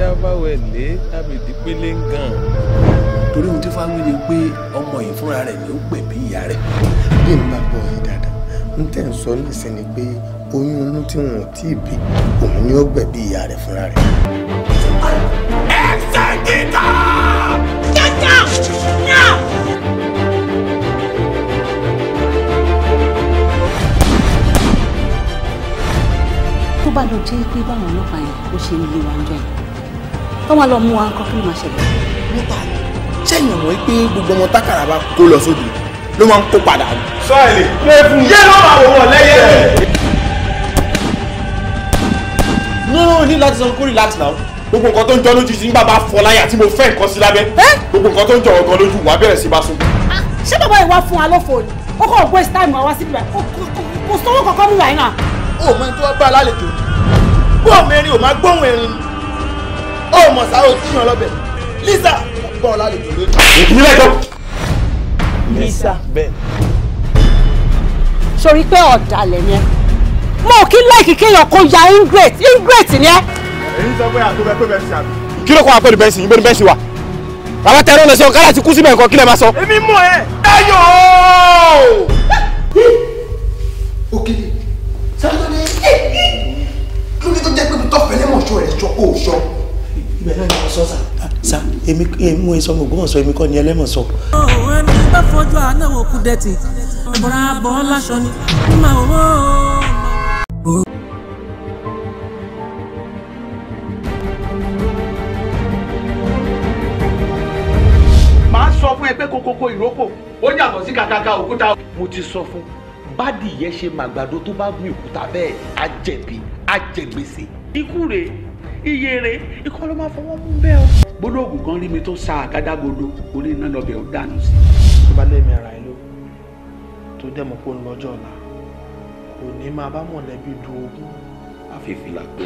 dábàwẹ̀lé àbèdí pélé ń gàn. torí ohun tí fáwọn ni pé ọmọ yìí fúnra rẹ̀ ni ó pè bí ìyá rẹ̀. bí n bá bọ̀ yín dáadáa n tẹ̀ ń sọ nísìn ni pé oyún inú tí wọn ò tí ì bí òun ni ó gbẹ̀ bí ìyá rẹ̀ fúnra rẹ̀. kíkà tó bá lọ jẹ́ tó wá lọ mú wa nǹkan kí ló máa ṣẹlẹ̀. nípa ni sẹ́yìn mọ̀ pé gbogbo ọmọ tákàrà bá tó lọ sóde ló máa ń kó padà ní. sọ èlé pé fún yé ló máa wò wọ́n lẹ́yẹ. ní o ní láti san kórìí láti náà gbogbo nǹkan tó ń jọ lójú ti ń bàbá fọ láyà tí mo fẹ́ nǹkan sí lábẹ́ gbogbo nǹkan tó ń jọ ọ̀gán lójú wà bẹ̀rẹ̀ sí bá sùn. Ah, ṣé bàbá ìwà fún wa lófo ni ó kọ́ ògbó ìsítáìmù àwa síbi rẹ̀ kò sówó kankan mú wa o ò mọ ẹni tó wá gbá lálejò bóòmù erin ò máa gbóhùn erin ni ó mọ̀ sáré ojú yan lọ́bẹ̀ Lisa bọ́ọ̀ lálejò lónìí. èkìní lẹ́jọ́. Lisa bẹ́ẹ̀. sori pé ọ̀dàlẹ̀ ni ẹ mo kí láìkí kéèyàn kó ya ingrate ingrate ni ẹ. èyí sọ pé àtúbẹ̀ pé bẹ́ẹ̀ sí àbí. kí ló kọ́ àpẹẹrẹ bẹ́ẹ̀ sí ìbẹ́ni bẹ́ẹ̀ sí wa bàbá tẹ̀rọ lọ sí ọ̀gá láti kú síbẹ̀ nǹkan kí lè máa sọ. èmi mọ̀ ẹ́. ẹ yóò òkèlè sáré tó dé kí ló dé tó jẹ́ ibẹ̀ náà ni mo sọ sà. Ah, sà èmi mú iṣan mo gbọ́n sọ èmi kọ́ ni ẹlẹ́mọ̀ sọ. ọ̀hún ẹni mo ti sọ fún bádìí yẹn ṣe màgbàdo tó bá mi òkúta bẹ́ẹ̀ á jẹ̀bi ikú rèé iyèrè ikọ́ ló máa fọwọ́ mú bẹ́ẹ̀ o. gbólóògùn kan rí mi tó sa àgádágodo orí iná lọ́bẹ̀ ó dànù sí. tó bá lẹ́mìí ara ẹ̀ ló tó dẹ̀mọ́ kó ń lọ́jọ́ ọ̀la kò ní máa bá mọ̀lẹ́bí du ogún. àfihàn la pé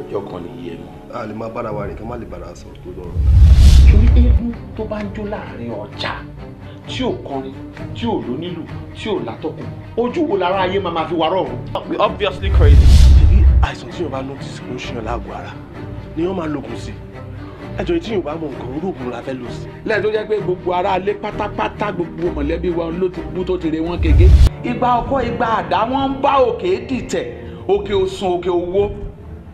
ọjọ́ kan nìyí ẹ̀ mọ́. a lè máa bára wa rìn ká má lè bára sọ tó lọ́rọ̀. torí eégún tó bá ń jó láàrin ọjà tí ò kọrin tí ò lónílù tí ò látọkùn ojú wo lára ayé máa ma fi wà rọrùn. we obviously crazy. àìsàn tí yorùbá notice kò ń ṣe ọ láàgọ̀ ara ni wọ́n máa lògùn sí ẹjọ́ tí yorùbá mọ̀ nǹkan olóògùn la fẹ́ lò sí. lẹ́yìn tó jẹ́ pé gbogbo ara pátápátá gbogbo mọ̀lẹ́bí wa ló ti kú tó ti re wọ́n gègé. ìgbà ọkọ ìgbà àdá wọn ń bá òkè dìtẹ̀ òkè òsùn òkè òwò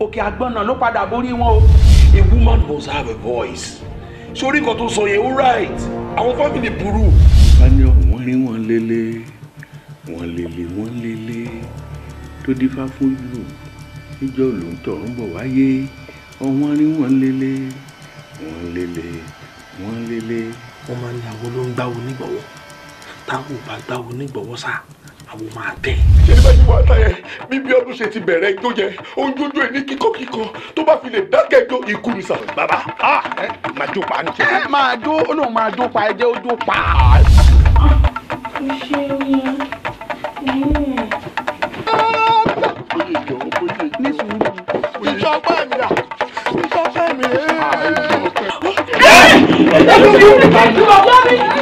òkè àgbọ̀nà ló padà borí wọn o. a woman must have a voice. sórí kan tó sọ yẹn ó right àwọn fámìlì burú. báyọ̀ wọ́n rí wọn lélẹ̀ wọ́n lélẹ̀ wọ́n lélẹ̀ tó dífá fún ìlú níjọ́ ló ń ọwọ́n rí wọ́n lélẹ̀ wọ́n lélẹ̀ wọ́n lélẹ̀. wọ́n máa ń ní àwọn ló ń gbáwo nígbọ̀wọ́ táwọn ò bá gbáwo nígbọ̀wọ́ sáà àwọn máa tẹ. ṣé bá yí wá táyẹ bí bí ọdún ṣe ti bẹ̀rẹ̀ ijó yẹn ojoojó ẹ ní kíkọ́kíkọ́ tó bá fi lè dákẹ́ jó ikú mi sàn. bàbá máa jó pa ní ṣe. ẹ máa jó olóhùn máa jó pa ẹ jẹ́ ó jó pa. ó ṣe é yẹn. ẹ̀jẹ̀ tuntun ẹ̀jẹ̀ tuntun ọjọ́ mi.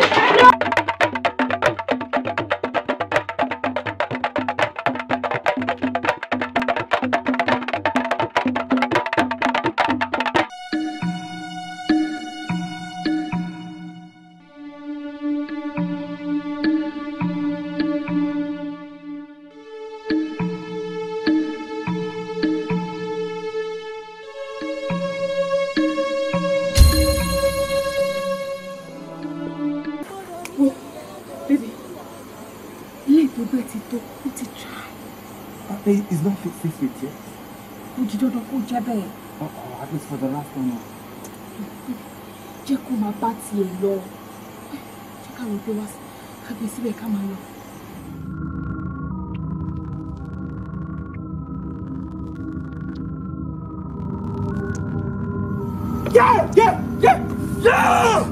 gbogbo ẹ ti tó ó ti try. Hey, it's not fit yet. feet yet. don't di dandan kó jẹ́ bẹ́ẹ̀. Oh, oh, at least for the last one. Check kó máa bá tiẹ̀ lọ. Jẹ́ ká rò pé wá ká gbé síbẹ̀ ká Yeah! Yeah! Yeah! Yeah!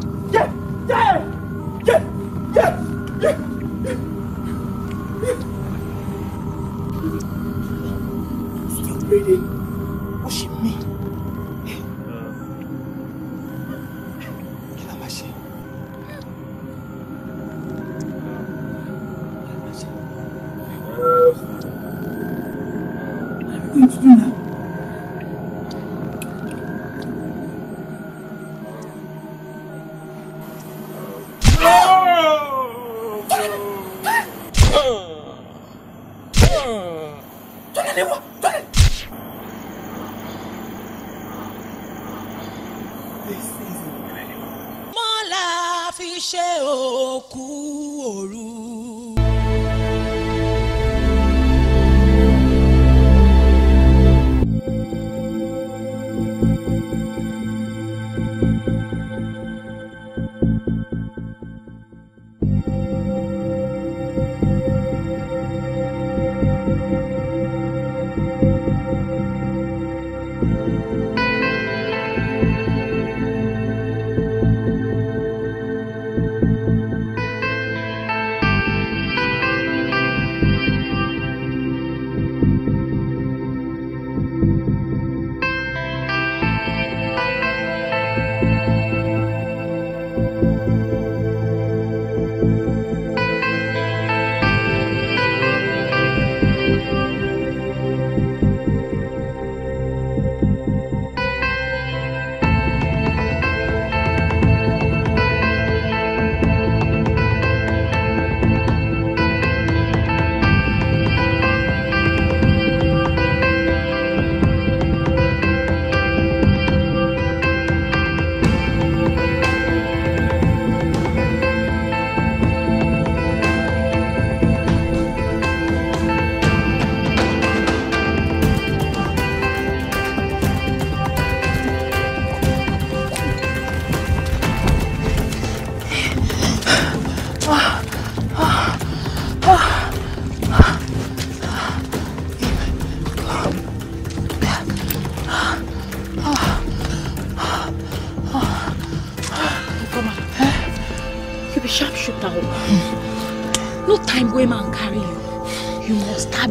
jáde wá jáde. mọ́lá fi ṣe òkú òru. 嗯。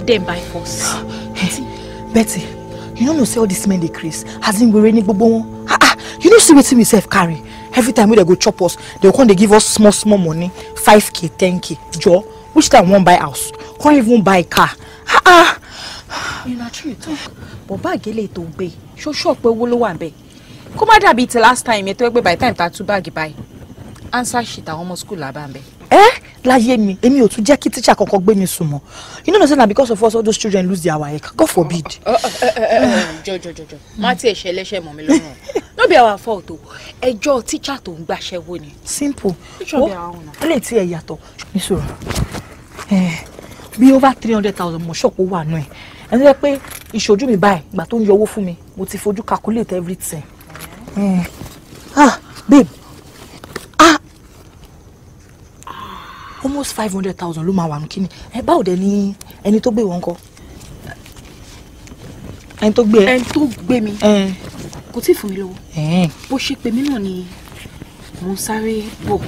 them by force. Hey, Betty, you no know say all these men dey craze Hasn't in were ni Ah ah, you no see wetin we sef carry. Every time we they go chop us, dey come they give us small small money, 5k, 10k. Jo, which time won't buy house? Can't even buy car. Ah ah. You na true talk. But bag it to gbe. So sure pé owó ló wà ńbẹ̀. Kó má dàbí ti last time e tó pé by time that tú baggy buy. Answer shit I almost school la ba láyé mi èmi ò tún jẹ́ kí tíṣà kankan gbé mi sùn mọ́ you know say na because of us all those children lose their waec god forbid. jọjọjọjọ oh, oh, oh, má tiẹ̀ ṣe ẹlẹ́ṣẹ̀ mọ́ mi lọ́rùn no be our fault o ẹjọ́ tíṣà tó ń gbàṣẹ́ wo ni. simple ó lè tí ẹ yàtọ̀ mi sọ̀rọ̀ eh, bí over three hundred thousand mo ṣọ́ọ̀pù wà náà ẹ̀ ẹ̀ ń sẹ́ pé ìṣojú mi báyìí ìgbà tó ń yọ owó fún mi mo ti fojú calculate everything. Mm. ah babe almost five hundred thousand ló máa wà nù kí ni ẹ báwo dẹ ni ẹni tó gbé wọn kọ ẹni tó gbé ẹ ẹni tó gbé mi kò tí ì fún mi lówó bó ṣe pè mí náà ni mo ń sáré bò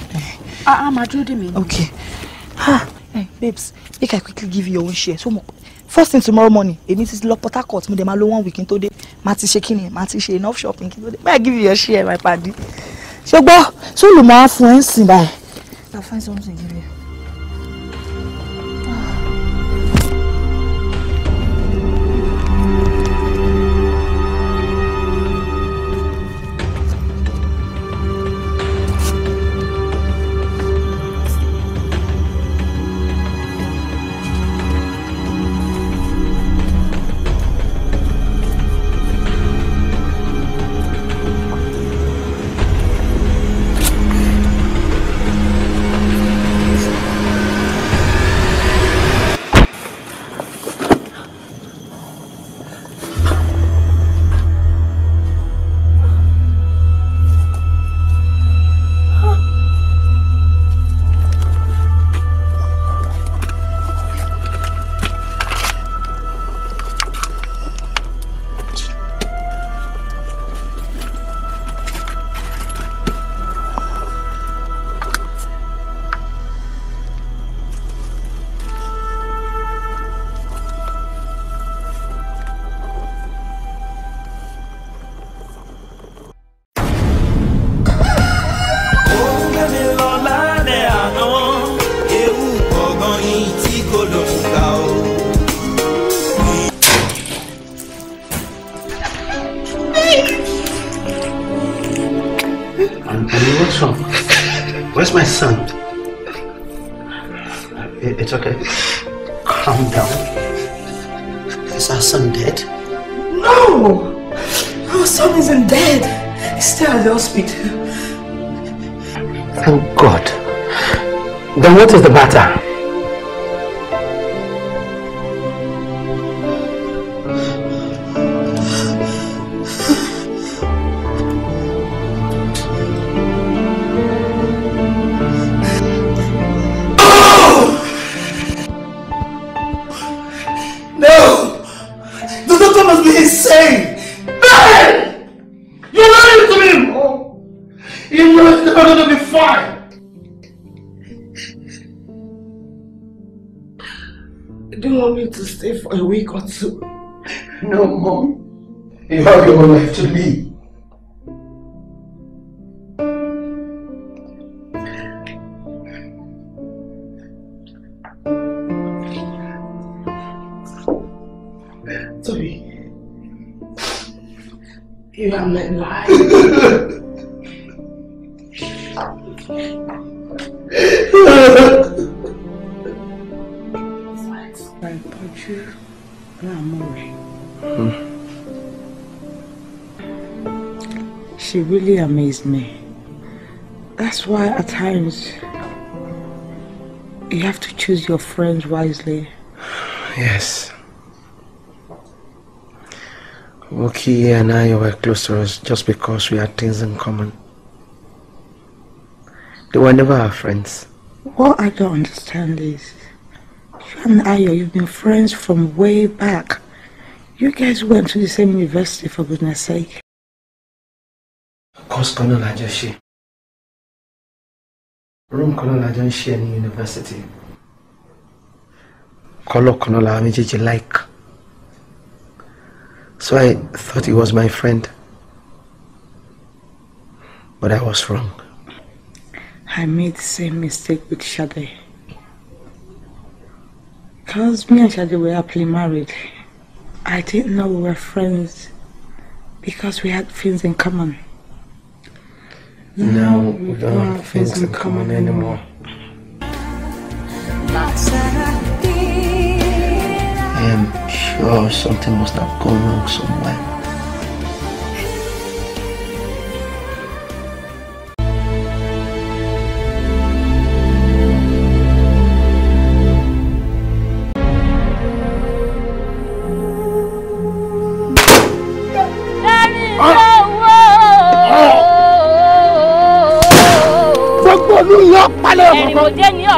a máa dúró dè mí. okay Ha. hey, babes make i quickly give you your own share so mo first thing tomorrow morning èmi ti lọ Port Harcourt mo dẹ̀ máa lọ one week kí n tó dé máa ti ṣe kíni máa ti ṣe enough shopping kí n tó dé may i give you your share my paddy. ṣùgbọ́n sólùmọ́ á fún ẹ̀ ń sìn báyìí. i'll find something give you. what's wrong? Where's my son? it's okay. Calm down. Is our son dead? No! Our son isn't dead. He's still at the hospital. Thank God. Then what is the matter? Why? Do you want me to stay for a week or two? No, Mom. You have your own life to live. Toby, you have not life. pẹ̀lú àmọ́ rẹ̀. She really amazed me. That's why at times you have to choose your friends wisely. Yes. Woki and I were close to us just because we had things in common. They were never our friends. What I don't understand is and Ayo, you've been friends from way back. You guys went to the same university, for goodness sake. Of course, Colonel Ajoshi. Room Colonel Ajoshi and university. Color Colonel Amijiji like. So I thought he was my friend. But I was wrong. I made the same mistake with Shade because me and Shadi were happily married, I didn't know we were friends because we had things in common. No, no mm-hmm. we, don't have things, things in common, common anymore. I am sure something must have gone wrong somewhere.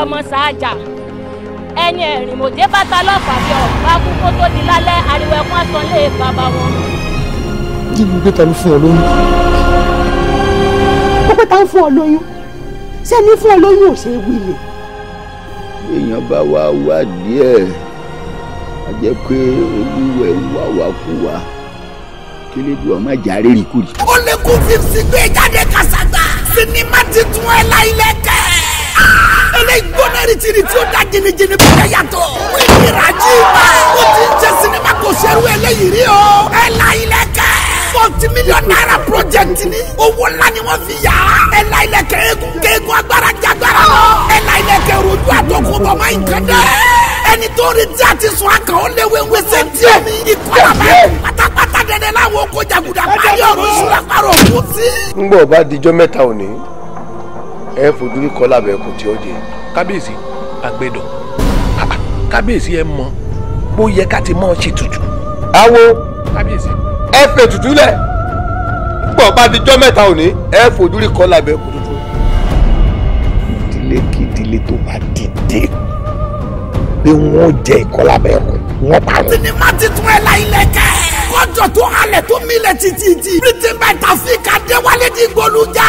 ọmọ ṣáájà ẹni ẹ̀rìn mòjé bàtà lọ́fà bí ọ̀pá kú kó tó di lálẹ́ ariwo ẹ̀kún àtàn bàbá wọn. jíjí gbé ta ló fún ọ lóyún. ó pé ta ń fún ọ lóyún ṣé ní fún ọ lóyún ò ṣe é wí èèyàn bá wá wá díẹ̀ a jẹ́ pé olúwẹ̀ wá wá kú wa kí lè dùn ọmọ ìjà rírì kúrì. ó lè kó fífi gbé jáde kàṣàgbà sinimá titun ẹ̀ láìlẹ́kẹ̀ẹ́ eléyìígbóná ìrìtìrì tí ó da jìnnìjìnnì bẹ́ẹ̀ yàtọ̀. wíìlì ìrajì bá o ti ń jẹ sinimá kò ṣerú eléyìí rí o. ẹ la ilẹ̀ kẹ́. forty million naira project ni. owó ńlá ni wọ́n fi yà á. ẹ la ilẹ̀ kẹ́ eégún kéégún agbára jagbara lọ. ẹ la ilẹ̀ kẹ́ rojú àtọkùn bọ̀mọ́ nǹkan dẹ́. ẹni tó rí tí a ti sùn akàn ó léwé ń wéṣẹ díẹ̀ mi. ìkọlà bẹ́ẹ̀ pátápátá dẹ́dẹ́ láwọn oko jaguda. ẹ ẹ fojú rí kọ́ lábẹ́ kò tí ó jẹ. kábíyèsí àgbẹ̀dọ̀ kábíyèsí ẹ mọ bó yẹ ká ti mọ ọ ṣe tutù. awo kábíyèsí ẹ fẹ́ tutù lẹ̀ pọ̀ bá di jọ́ mẹ́ta òní ẹ fojú rí kọ́ lábẹ́ kò tutù. ìdílé kí ìdílé tó bá dìde pé wọ́n jẹ ìkọ́lábẹ́ ẹ̀kọ́ wọ́n pa wọ́n. sinimá ti tún ẹ la ilẹ̀ kẹ́ kọjọ tó halẹ̀ tó milẹ̀ títí tí. britain by tafi ka déwálé di gbolu jà.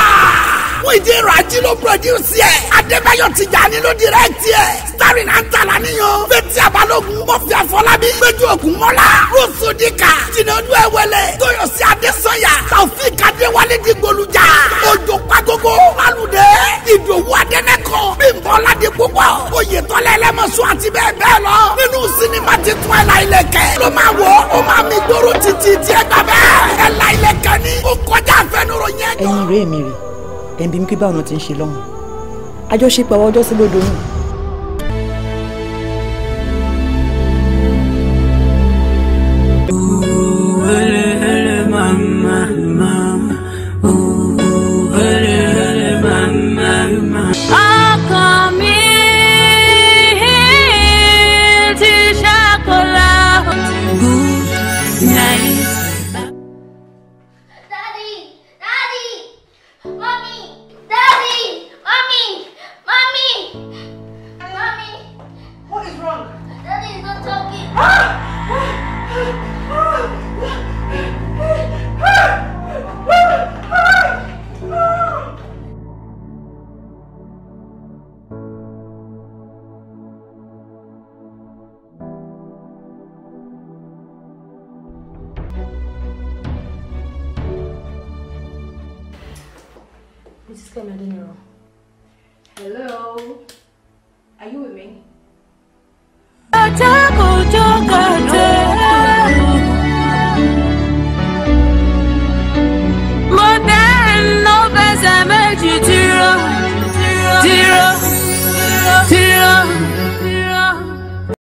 Muideen Raji ló produce ẹ̀. Adébáyọ̀ Tijani ló direct ẹ̀. starring Antala níyan. Fẹ́tí Abalógun Mọ́fì Afọlábí. Péjú Ògùn Mọ́lá. Rúùsù Dìkà. Jìnàdú Ẹ̀wẹ̀lẹ̀. Tóyọ̀sí Adésanya. Taofik Adéwálé Dìgbòlujà. Òjò Pàgógó. Alùdé. Ìdòwú Adẹ́nẹ́kọ̀. Bímbọ́ púpọ̀. Oyètọ́lẹ̀ ẹlẹ́mọ̀sọ́ àti rèé mi rèé ẹ̀ ń bí mi pé báwọn ti ń ṣe lọ́hùn àjọṣepọ̀ àwọn ọjọ́ sí lódoyún Mrs. Clement Hello. Are you with me?